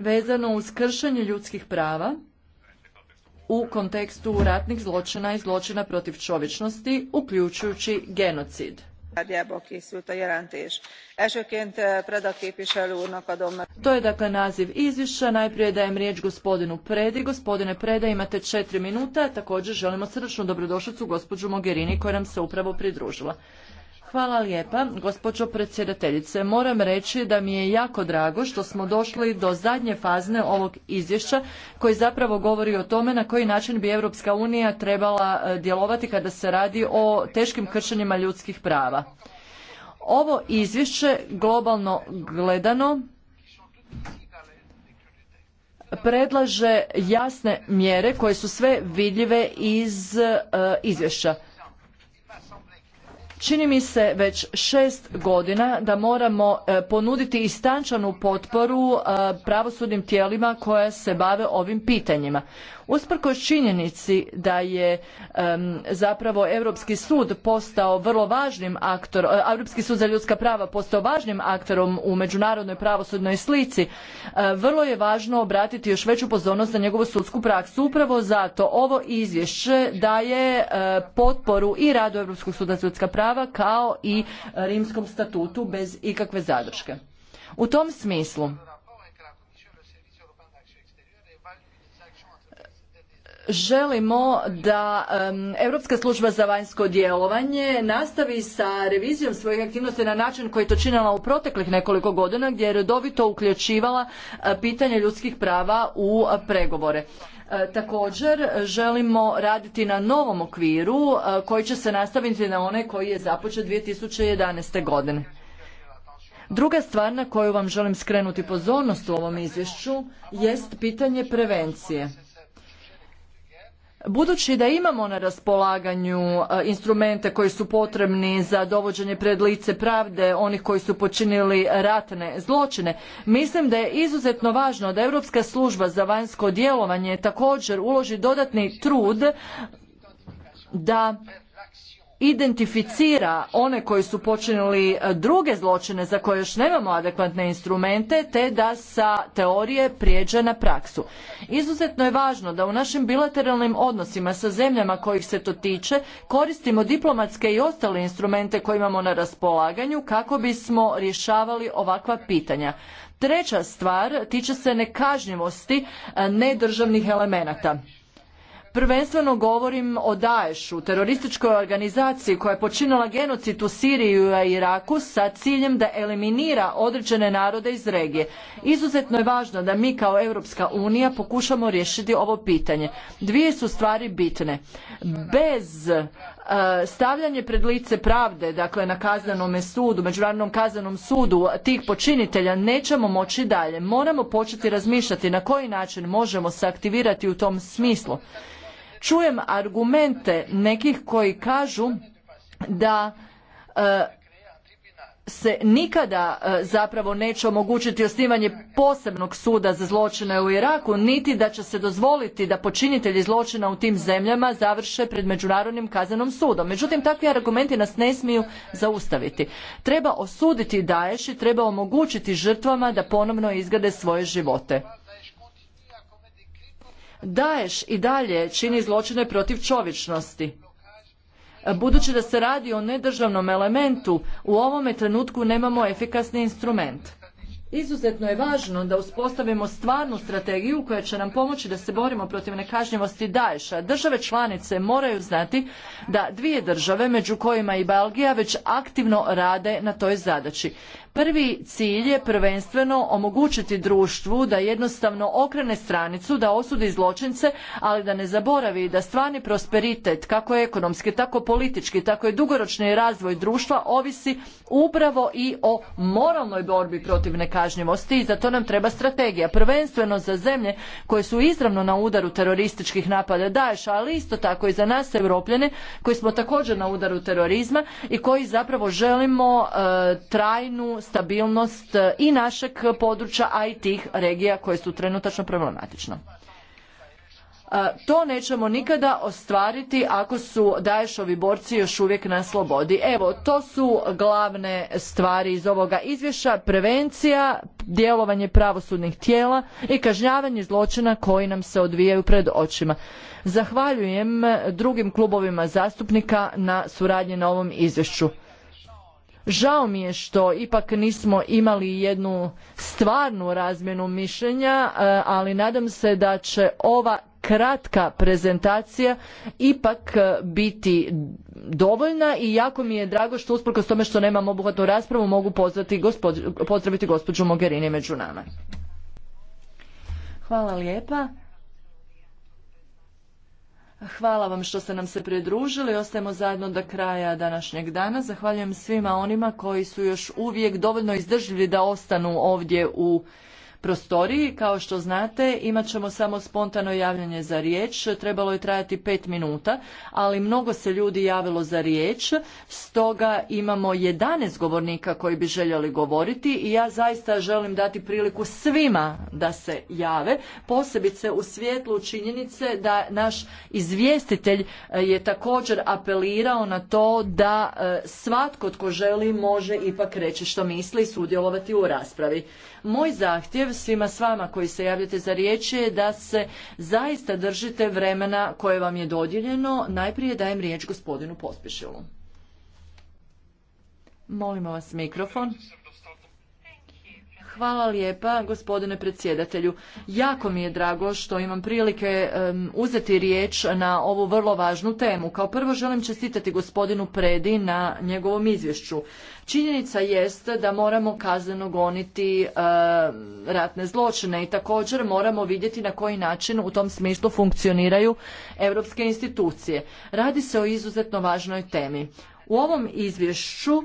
vezano uz kršenje ljudskih prava u kontekstu ratnih zločina i zločina protiv čovječnosti, uključujući genocid. To je dakle naziv izvješća. Najprije dajem riječ gospodinu Predi. Gospodine Preda imate četiri minuta. Također želimo srdečnu dobrodošlicu gospođu Mogherini koja nam se upravo pridružila. Hvala lijepa, gospođo predsjedateljice. Moram reći da mi je jako drago što smo došli do zadnje fazne ovog izvješća koji zapravo govori o tome na koji način bi Europska unija trebala e, djelovati kada se radi o teškim kršenjima ljudskih prava. Ovo izvješće globalno gledano predlaže jasne mjere koje su sve vidljive iz e, izvješća. Čini mi se već šest godina da moramo e, ponuditi istančanu potporu e, pravosudnim tijelima koja se bave ovim pitanjima. Usprkos činjenici da je zapravo Europski sud postao vrlo važnim aktorom, e, Europski sud za ljudska prava postao važnim aktorom u međunarodnoj pravosudnoj slici, vrlo je važno obratiti još veću pozornost na njegovu sudsku praksu. Upravo zato ovo izvješće daje potporu i radu Europskog suda za ljudska prava prava kao i rimskom statutu bez ikakve zadrške. U tom smislu želimo da Europska služba za vanjsko djelovanje nastavi sa revizijom svojih aktivnosti na način koji je to činila u proteklih nekoliko godina gdje je redovito uključivala e, pitanje ljudskih prava u e, pregovore. E, također želimo raditi na novom okviru koji će se nastaviti na onaj koji je započet 2011. godine. Druga stvar na koju vam želim skrenuti pozornost u ovom izvješću jest pitanje prevencije. Budući da imamo na raspolaganju e, instrumente koji su potrebni za dovođenje pred lice pravde onih koji su počinili ratne zločine, mislim da je izuzetno važno da Europska služba za vanjsko djelovanje također uloži dodatni trud da identificira one koji su počinili e, druge zločine za koje još nemamo adekvatne instrumente te da sa teorije prijeđe na praksu. Izuzetno je važno da u našim bilateralnim odnosima sa zemljama kojih se to tiče koristimo diplomatske i ostale instrumente koje imamo na raspolaganju kako bismo rješavali ovakva pitanja. Treća stvar tiče se nekažnjivosti e, nedržavnih elemenata. Prvenstveno govorim o DAESH-u, terorističkoj organizaciji koja je počinila genocid u Siriji i Iraku sa ciljem da eliminira određene narode iz regije. Izuzetno je važno da mi kao Europska unija pokušamo riješiti ovo pitanje. Dvije su stvari bitne. Bez e, stavljanje pred lice pravde, dakle na kaznenome sudu, međunarodnom kaznenom sudu tih počinitelja nećemo moći dalje. Moramo početi razmišljati na koji način možemo se aktivirati u tom smislu čujem argumente nekih koji kažu da e, se nikada e, zapravo neće omogućiti osnivanje posebnog suda za zločine u Iraku, niti da će se dozvoliti da počinitelji zločina u tim zemljama završe pred Međunarodnim kaznenom sudom. Međutim, takvi argumenti nas ne smiju zaustaviti. Treba osuditi Daesh i treba omogućiti žrtvama da ponovno izgrade svoje živote. Daješ i dalje čini zločine protiv čovječnosti. Budući da se radi o nedržavnom elementu, u ovome trenutku nemamo efikasni instrument. Izuzetno je važno da uspostavimo stvarnu strategiju koja će nam pomoći da se borimo protiv nekažnjivosti DAEŠ-a. Države članice moraju znati da dvije države, među kojima i Belgija, već aktivno rade na toj zadaći. Prvi cilj je prvenstveno omogućiti društvu da jednostavno okrene stranicu, da osudi zločince, ali da ne zaboravi da stvarni prosperitet, kako ekonomski, tako politički, tako i dugoročni razvoj društva, ovisi upravo i o moralnoj borbi protiv nekažnjivosti i za to nam treba strategija. Prvenstveno za zemlje koje su izravno na udaru terorističkih napada daješ, ali isto tako i za nas europljane koji smo također na udaru terorizma i koji zapravo želimo e, trajnu stabilnost e, i našeg područja, a i tih regija koje su trenutačno problematične. To nećemo nikada ostvariti ako su Daješovi borci još uvijek na slobodi. Evo, to su glavne stvari iz ovoga izvješća. Prevencija, djelovanje pravosudnih tijela i kažnjavanje zločina koji nam se odvijaju pred očima. Zahvaljujem drugim klubovima zastupnika na suradnji na ovom izvješću. Žao mi je što ipak nismo imali jednu stvarnu razmjenu mišljenja, e, ali nadam se da će ova kratka prezentacija ipak e, biti dovoljna i jako mi je drago što usprkos tome što nemam obuhvatnu raspravu mogu pozdraviti gospođu Mogherini među nama. Hvala lijepa. Hvala vam što ste nam se pridružili. Ostajemo zajedno do kraja današnjeg dana. Zahvaljujem svima onima koji su još uvijek dovoljno izdržljivi da ostanu ovdje u prostoriji. Kao što znate, imat ćemo samo spontano javljanje za riječ. Trebalo je trajati pet minuta, ali mnogo se ljudi javilo za riječ. Stoga imamo 11 govornika koji bi željeli govoriti i ja zaista želim dati priliku svima da se jave, posebice u svjetlu činjenice da naš izvjestitelj eh, je također apelirao na to da eh, svatko tko želi može ipak reći što misli i sudjelovati u raspravi. Moj zahtjev svima s vama koji se javljate za riječ je da se zaista držite vremena koje vam je dodijeljeno. Najprije dajem riječ gospodinu Pospišilu. Molimo vas mikrofon. Hvala lijepa gospodine predsjedatelju. Jako mi je drago što imam prilike uzeti riječ na ovu vrlo važnu temu. Kao prvo želim čestitati gospodinu Predi na njegovom izvješću. Činjenica jest da moramo kazneno goniti ratne zločine i također moramo vidjeti na koji način u tom smislu funkcioniraju europske institucije. Radi se o izuzetno važnoj temi. U ovom izvješću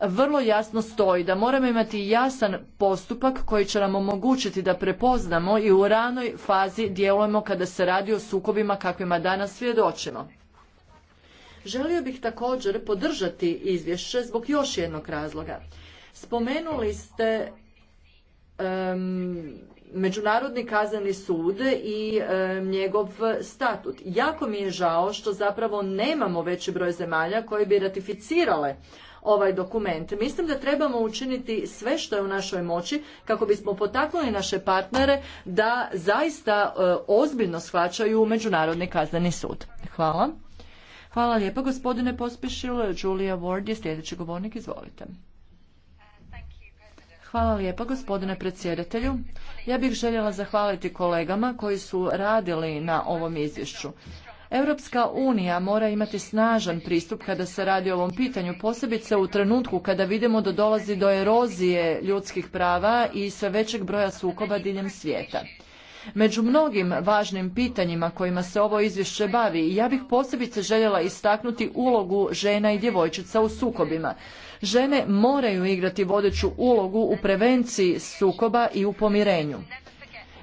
vrlo jasno stoji da moramo imati jasan postupak koji će nam omogućiti da prepoznamo i u ranoj fazi djelujemo kada se radi o sukobima kakvima danas svjedočimo. Želio bih također podržati izvješće zbog još jednog razloga. Spomenuli ste Međunarodni kazneni sud i njegov statut. Jako mi je žao što zapravo nemamo veći broj zemalja koje bi ratificirale ovaj dokument. Mislim da trebamo učiniti sve što je u našoj moći kako bismo potaknuli naše partnere da zaista e, ozbiljno shvaćaju Međunarodni kazneni sud. Hvala. Hvala lijepa gospodine Pospišil. Julia Ward je sljedeći govornik. Izvolite. Hvala lijepa gospodine predsjedatelju. Ja bih željela zahvaliti kolegama koji su radili na ovom izvješću. Europska unija mora imati snažan pristup kada se radi o ovom pitanju, posebice u trenutku kada vidimo da dolazi do erozije ljudskih prava i sve većeg broja sukoba diljem svijeta. Među mnogim važnim pitanjima kojima se ovo izvješće bavi, ja bih posebice željela istaknuti ulogu žena i djevojčica u sukobima. Žene moraju igrati vodeću ulogu u prevenciji sukoba i u pomirenju.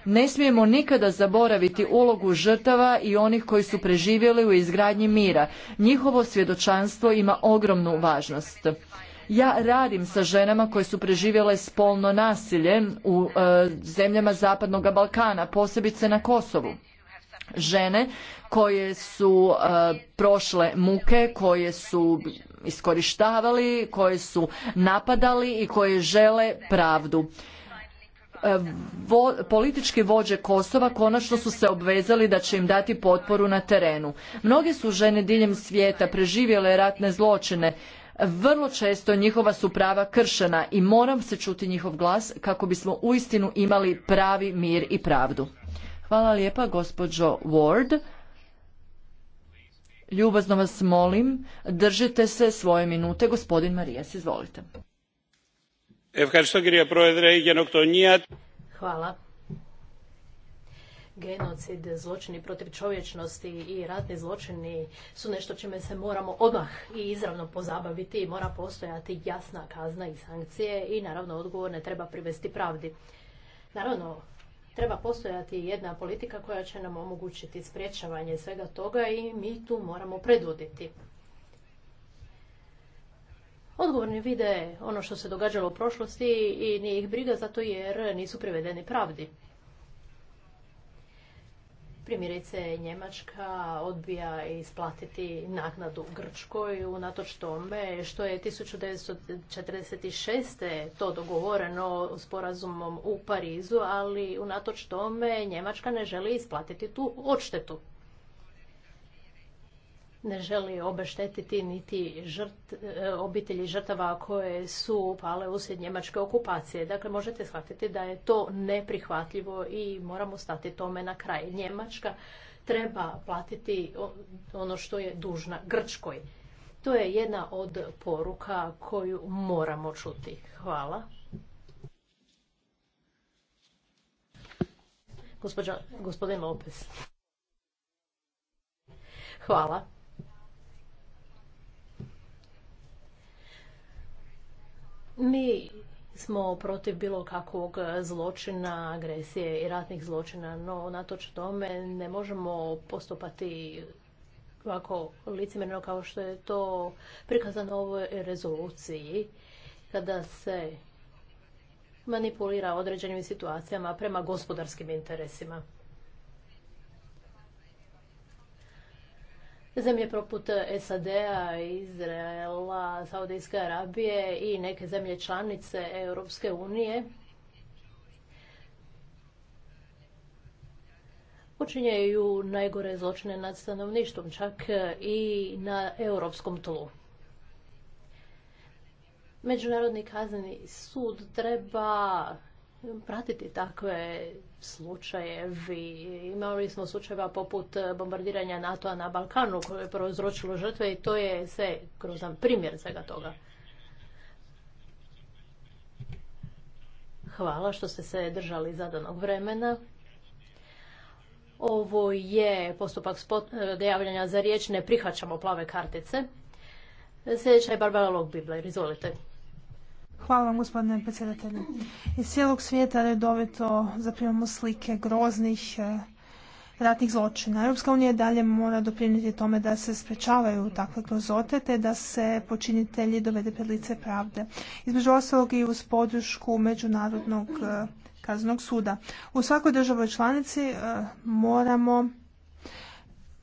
Ne smijemo nikada zaboraviti ulogu žrtava i onih koji su preživjeli u izgradnji mira. Njihovo svjedočanstvo ima ogromnu važnost. Ja radim sa ženama koje su preživjele spolno nasilje u e, zemljama Zapadnog Balkana, posebice na Kosovu. Žene koje su e, prošle muke, koje su iskorištavali, koje su napadali i koje žele pravdu vo, politički vođe Kosova konačno su se obvezali da će im dati potporu na terenu. Mnoge su žene diljem svijeta preživjele ratne zločine, vrlo često njihova su prava kršena i moram se čuti njihov glas kako bismo uistinu imali pravi mir i pravdu. Hvala lijepa gospođo Ward. Ljubazno vas molim, držite se svoje minute. Gospodin Marijas, izvolite. Hvala. Genocid, zločini protiv čovječnosti i ratni zločini su nešto čime se moramo odmah i izravno pozabaviti i mora postojati jasna kazna i sankcije i naravno odgovorne treba privesti pravdi. Naravno, treba postojati jedna politika koja će nam omogućiti sprječavanje svega toga i mi tu moramo predvoditi odgovorni vide ono što se događalo u prošlosti i nije ih briga zato jer nisu privedeni pravdi. Primjerice, Njemačka odbija isplatiti naknadu Grčkoj unatoč tome što je 1946. to dogovoreno sporazumom u Parizu, ali unatoč tome Njemačka ne želi isplatiti tu odštetu ne želi obeštetiti niti žrt, e, obitelji žrtava koje su pale uslijed njemačke okupacije. Dakle, možete shvatiti da je to neprihvatljivo i moramo stati tome na kraj. Njemačka treba platiti ono što je dužna Grčkoj. To je jedna od poruka koju moramo čuti. Hvala. gospodin Lopez. Hvala. Mi smo protiv bilo kakvog zločina, agresije i ratnih zločina, no natoč tome ne možemo postupati ovako licemjerno kao što je to prikazano u ovoj rezoluciji kada se manipulira određenim situacijama prema gospodarskim interesima. Zemlje poput SAD-a, Izraela, Saudijske Arabije i neke zemlje članice Europske unije počinjaju najgore zločine nad stanovništvom, čak i na europskom tlu. Međunarodni kazneni sud treba pratiti takve slučajevi. Imali smo slučajeva poput bombardiranja NATO-a na Balkanu koje je prouzročilo žrtve i to je sve kroz primjer svega toga. Hvala što ste se držali zadanog vremena. Ovo je postupak dejavljanja za riječ. Ne prihvaćamo plave kartice. Sljedeća je Barbara Logbibler. Izvolite. Hvala vam gospodine predsjedatelju. Iz cijelog svijeta redovito zaprimamo slike groznih e, ratnih zločina. Europska unija dalje mora doprinijeti tome da se sprečavaju takve grozote te da se počinitelji dovede pred lice pravde. Između ostalog i uz podršku Međunarodnog e, kaznog suda. U svakoj državoj članici e, moramo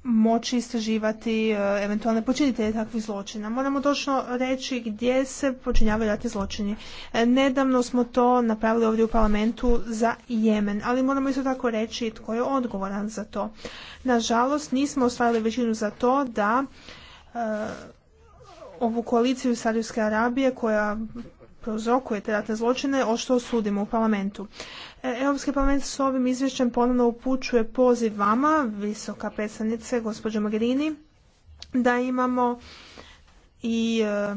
moći istraživati e, eventualne počinitelje takvih zločina. Moramo točno reći gdje se počinjavaju ratni zločini. E, nedavno smo to napravili ovdje u parlamentu za Jemen, ali moramo isto tako reći tko je odgovoran za to. Nažalost, nismo ostvarili većinu za to da e, ovu koaliciju Saudijske Arabije koja prouzrokuje te ratne zločine, o što osudimo u parlamentu. E, Europski parlament s ovim izvješćem ponovno upućuje poziv vama, visoka predstavnice, gospođo Magrini, da imamo i e,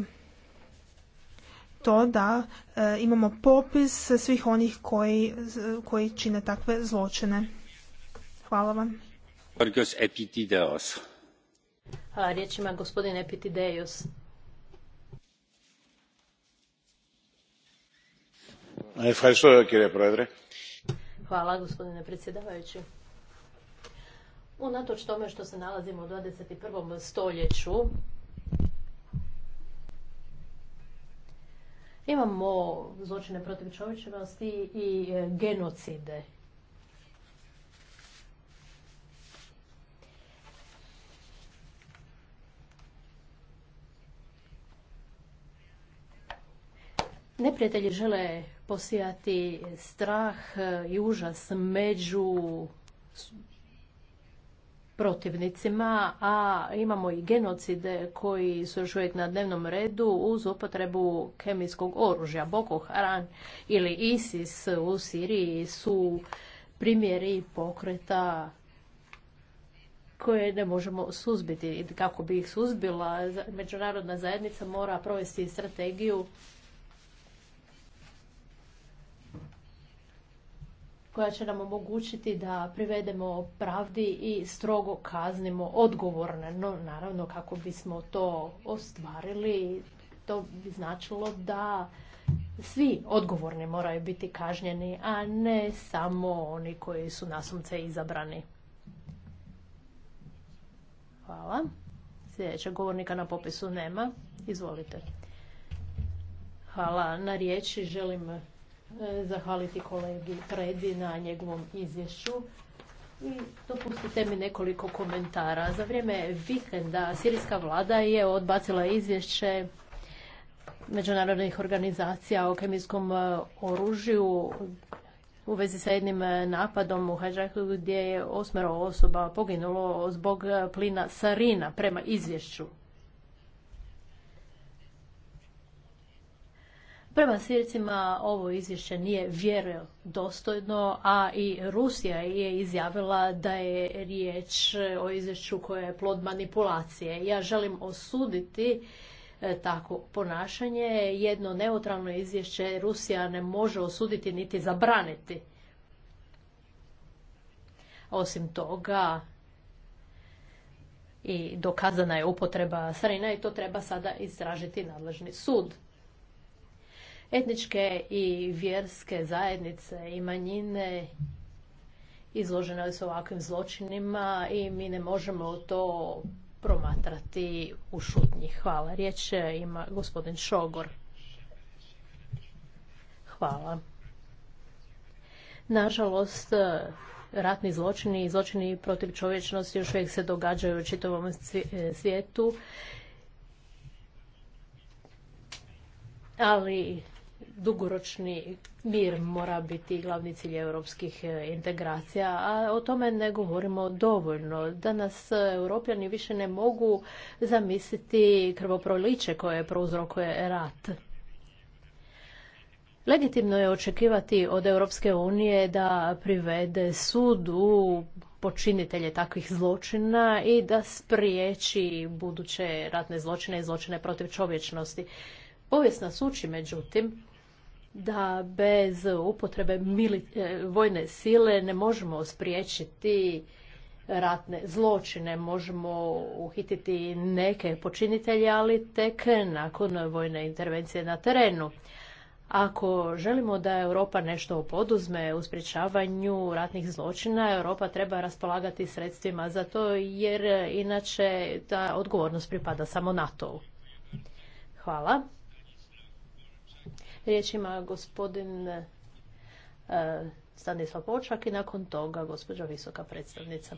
to da e, imamo popis svih onih koji, koji čine takve zločine. Hvala vam. Hvala riječima gospodin Epitideos. Hvala gospodine predsjedavajući. Unatoč tome što se nalazimo u 21. stoljeću, imamo zločine protiv čovječnosti i genocide. Neprijatelji žele posijati strah i užas među protivnicima, a imamo i genocide koji su još uvijek na dnevnom redu uz upotrebu kemijskog oružja. Boko Haram ili ISIS u Siriji su primjeri pokreta koje ne možemo suzbiti. Kako bi ih suzbila, međunarodna zajednica mora provesti strategiju koja će nam omogućiti da privedemo pravdi i strogo kaznimo odgovorne. No, naravno, kako bismo to ostvarili, to bi značilo da svi odgovorni moraju biti kažnjeni, a ne samo oni koji su nasumce izabrani. Hvala. Sljedećeg govornika na popisu nema. Izvolite. Hvala na riječi. Želim E, zahvaliti kolegi Predi na njegovom izvješću. I dopustite mi nekoliko komentara. Za vrijeme vikenda sirijska vlada je odbacila izvješće međunarodnih organizacija o kemijskom e, oružju u vezi sa jednim e, napadom u Hajžaku gdje je osmero osoba poginulo zbog plina sarina prema izvješću. Prema Sirijcima ovo izvješće nije dostojno, a i Rusija je izjavila da je riječ o izvješću koje je plod manipulacije. Ja želim osuditi e, tako ponašanje. Jedno neutralno izvješće Rusija ne može osuditi niti zabraniti. Osim toga, i dokazana je upotreba sarina i to treba sada istražiti nadležni sud. Etničke i vjerske zajednice i manjine izložene su ovakvim zločinima i mi ne možemo to promatrati u šutnji. Hvala. Riječ ima gospodin Šogor. Hvala. Nažalost, ratni zločini i zločini protiv čovječnosti još uvijek se događaju u čitavom svijetu. Ali dugoročni mir mora biti glavni cilj europskih e, integracija, a o tome ne govorimo dovoljno. Danas e, europljani više ne mogu zamisliti krvoproliće koje prouzrokuje rat. Legitimno je očekivati od Europske unije da privede sudu počinitelje takvih zločina i da spriječi buduće ratne zločine i zločine protiv čovječnosti. Povijest nas uči, međutim, da bez upotrebe e, vojne sile ne možemo spriječiti ratne zločine. Možemo uhititi neke počinitelje, ali tek nakon vojne intervencije na terenu. Ako želimo da Europa nešto poduzme u sprječavanju ratnih zločina, Europa treba raspolagati sredstvima za to, jer inače ta odgovornost pripada samo NATO-u. Hvala. Riječ ima gospodin e, Stanislav Počak i nakon toga gospođa visoka predstavnica.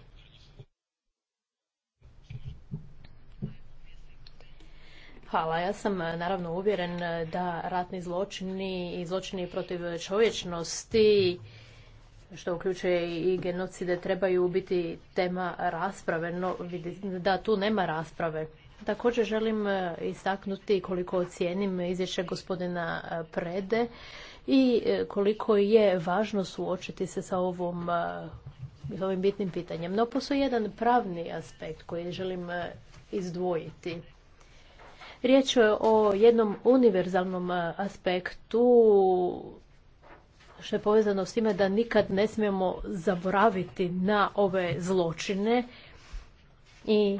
Hvala. Ja sam e, naravno uvjeren e, da ratni zločini i zločini protiv čovječnosti što uključuje i genocide, trebaju biti tema rasprave, no da tu nema rasprave. Također želim e, istaknuti koliko cijenim izvješće gospodina e, Prede i e, koliko je važno suočiti se sa ovom ovim bitnim pitanjem. No, postoji jedan pravni aspekt koji želim izdvojiti. Riječ je o jednom univerzalnom aspektu što je povezano s time da nikad ne smijemo zaboraviti na ove zločine i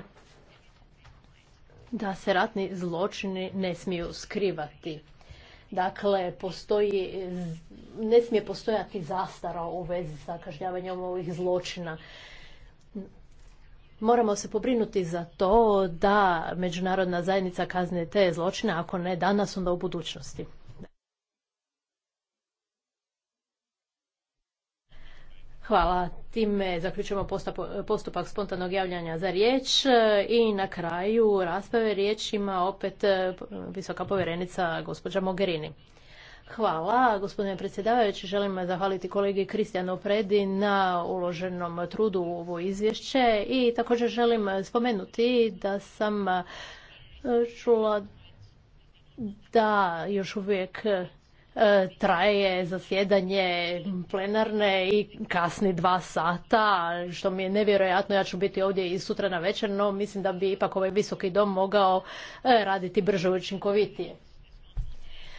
da se ratni zločini ne smiju skrivati. Dakle, postoji, ne smije postojati zastara u vezi sa kažnjavanjem ovih zločina. Moramo se pobrinuti za to da međunarodna zajednica kazne te zločine, ako ne danas, onda u budućnosti. Hvala. Time zaključujemo postupak spontanog javljanja za riječ e, i na kraju rasprave riječ ima opet e, visoka povjerenica gospođa Mogherini. Hvala, gospodine predsjedavajući. Želim zahvaliti kolegi Kristijanu Predi na uloženom trudu u ovo izvješće i također želim spomenuti da sam e, čula da još uvijek E, traje zasjedanje plenarne i kasni dva sata, što mi je nevjerojatno. Ja ću biti ovdje i sutra na večer, no mislim da bi ipak ovaj visoki dom mogao e, raditi brže i učinkovitije.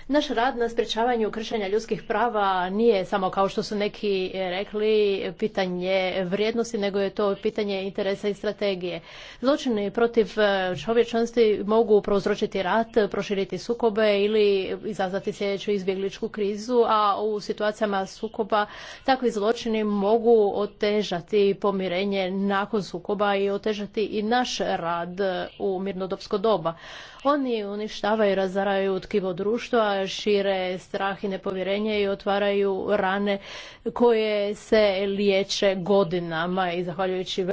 Naš rad na sprječavanju kršenja ljudskih prava nije samo kao što su neki rekli pitanje vrijednosti, nego je to pitanje interesa i strategije. Zločini protiv e, čovječnosti mogu prouzročiti rat, proširiti sukobe ili izazvati sljedeću izbjegličku krizu, a u situacijama sukoba takvi zločini mogu otežati pomirenje nakon sukoba i otežati i naš rad u mirnodopsko doba. Oni uništavaju i razaraju tkivo društva šire strah i nepovjerenje i otvaraju rane koje se liječe godinama i zahvaljujući e,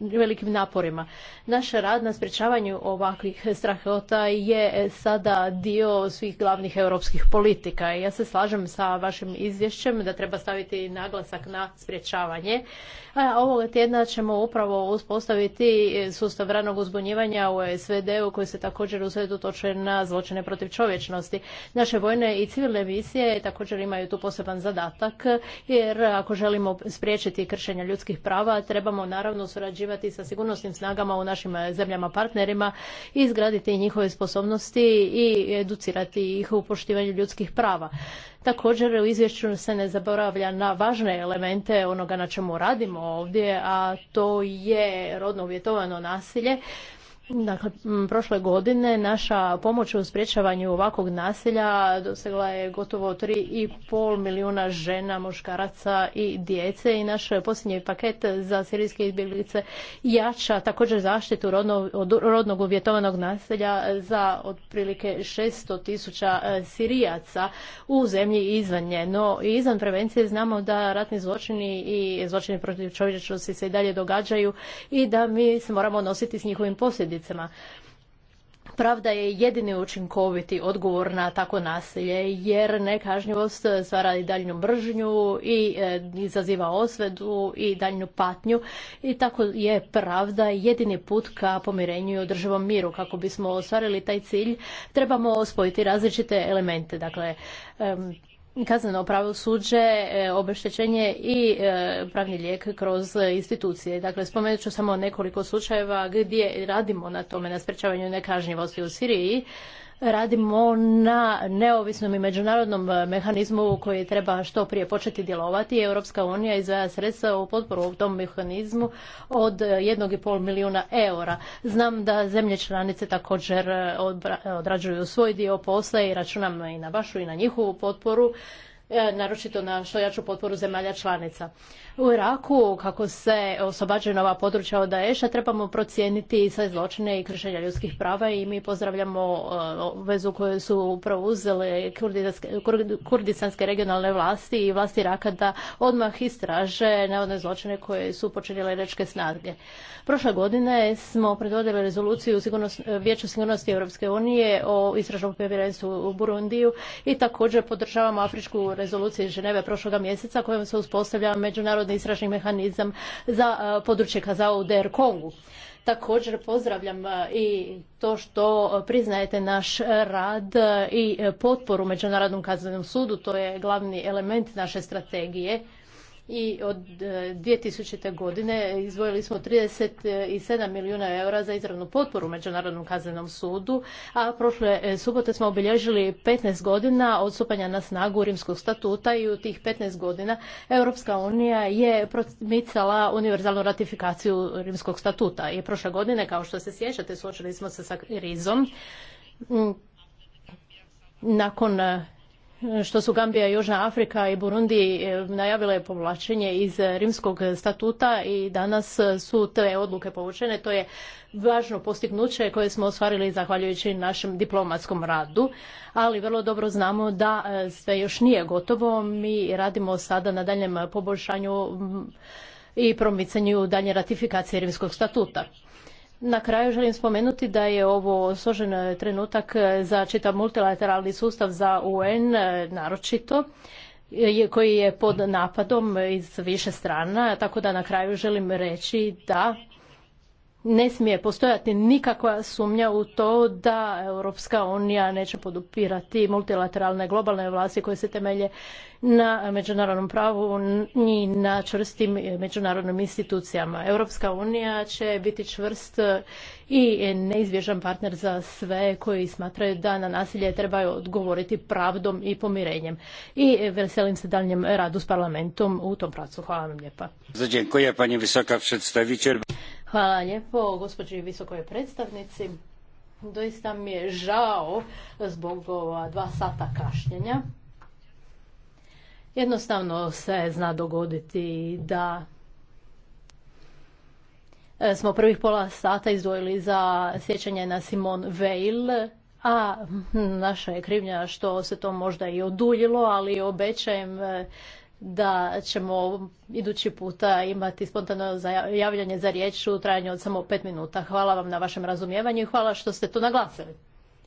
velikim naporima. Naš rad na sprječavanju ovakvih strahota je sada dio svih glavnih europskih politika. Ja se slažem sa vašim izvješćem da treba staviti naglasak na sprječavanje. A ovoga tjedna ćemo upravo uspostaviti sustav ranog uzbunjivanja u SVD-u koji se također usredotoče na zločine protiv čovječnosti. Naše vojne i civilne misije također imaju tu poseban zadatak jer ako želimo spriječiti kršenja ljudskih prava trebamo naravno surađivati sa sigurnosnim snagama u našim zemljama partnerima i izgraditi njihove sposobnosti i educirati ih u poštivanju ljudskih prava. Također u izvješću se ne zaboravlja na važne elemente onoga na čemu radimo ovdje, a to je rodno uvjetovano nasilje Dakle, prošle godine naša pomoć u sprječavanju ovakvog nasilja dosegla je gotovo 3,5 milijuna žena, muškaraca i djece i naš posljednji paket za sirijske izbjeglice jača također zaštitu od rodnog uvjetovanog nasilja za otprilike 600 tisuća e, sirijaca u zemlji izvan nje. No, izvan prevencije znamo da ratni zločini i zločini protiv čovječnosti se i dalje događaju i da mi se moramo nositi s njihovim posljedicama posljedicama. Pravda je jedini učinkoviti odgovor na tako nasilje, jer nekažnjivost stvara i daljnju mržnju i e, izaziva osvedu i daljnju patnju. I tako je pravda jedini put ka pomirenju i održivom miru. Kako bismo ostvarili taj cilj, trebamo ospojiti različite elemente. Dakle, kazneno suđe, e, obeštećenje i e, pravni lijek kroz institucije. Dakle, spomenut ću samo nekoliko slučajeva gdje radimo na tome, na sprečavanju nekažnjivosti u Siriji radimo na neovisnom i međunarodnom e, mehanizmu koji treba što prije početi djelovati. Europska unija izdvaja sredstva u potporu u tom mehanizmu od 1,5 e, milijuna eura. Znam da zemlje članice također e, odrađuju svoj dio posla i računam i na vašu i na njihovu potporu E, naročito na što jaču potporu zemalja članica. U Iraku, kako se oslobađaju nova područja od Daesha, trebamo procijeniti sve zločine i kršenja ljudskih prava i mi pozdravljamo e, vezu koju su upravo preuzele kurdistanske regionalne vlasti i vlasti Iraka da odmah istraže neodne zločine koje su počinile rečke snage. Prošle godine smo predvodili rezoluciju Vijeću sigurnosti Europske unije o istražnom povjerenstvu u Burundiju i također podržavamo Afričku rezoluciji Ženeve prošloga mjeseca kojom se uspostavlja međunarodni istražni mehanizam za e, područje Kazao u DR Kongu. Također pozdravljam e, i to što priznajete naš rad e, i potporu Međunarodnom kaznenom sudu, to je glavni element naše strategije i od 2000. E, godine izvojili smo 37 milijuna eura za izravnu potporu Međunarodnom kaznenom sudu, a prošle e, subote smo obilježili 15 godina od stupanja na snagu Rimskog statuta i u tih 15 godina Europska unija je promicala univerzalnu ratifikaciju Rimskog statuta. I prošle godine, kao što se sjećate, suočili smo se sa Rizom nakon što su Gambija, Južna Afrika i Burundi e, najavile povlačenje iz Rimskog statuta i danas su te odluke povučene. To je važno postignuće koje smo ostvarili zahvaljujući našem diplomatskom radu, ali vrlo dobro znamo da e, sve još nije gotovo. Mi radimo sada na daljem poboljšanju i promicanju dalje ratifikacije Rimskog statuta. Na kraju želim spomenuti da je ovo složen trenutak za čitav multilateralni sustav za UN, naročito koji je pod napadom iz više strana, tako da na kraju želim reći da ne smije postojati nikakva sumnja u to da Europska unija neće podupirati multilateralne globalne vlasti koje se temelje na međunarodnom pravu i na čvrstim međunarodnim institucijama. Europska unija će biti čvrst i neizbježan partner za sve koji smatraju da na nasilje trebaju odgovoriti pravdom i pomirenjem. I veselim se daljem radu s parlamentom u tom pracu. Hvala vam lijepa. Hvala lijepo, gospođi visokoj predstavnici. Doista mi je žao zbog ova dva sata kašnjenja. Jednostavno se zna dogoditi da e, smo prvih pola sata izdvojili za sjećanje na Simon Veil, a hm, naša je krivnja što se to možda i oduljilo, ali obećajem e, da ćemo idući puta imati spontano javljanje za riječ u trajanju od samo pet minuta. Hvala vam na vašem razumijevanju i hvala što ste to naglasili.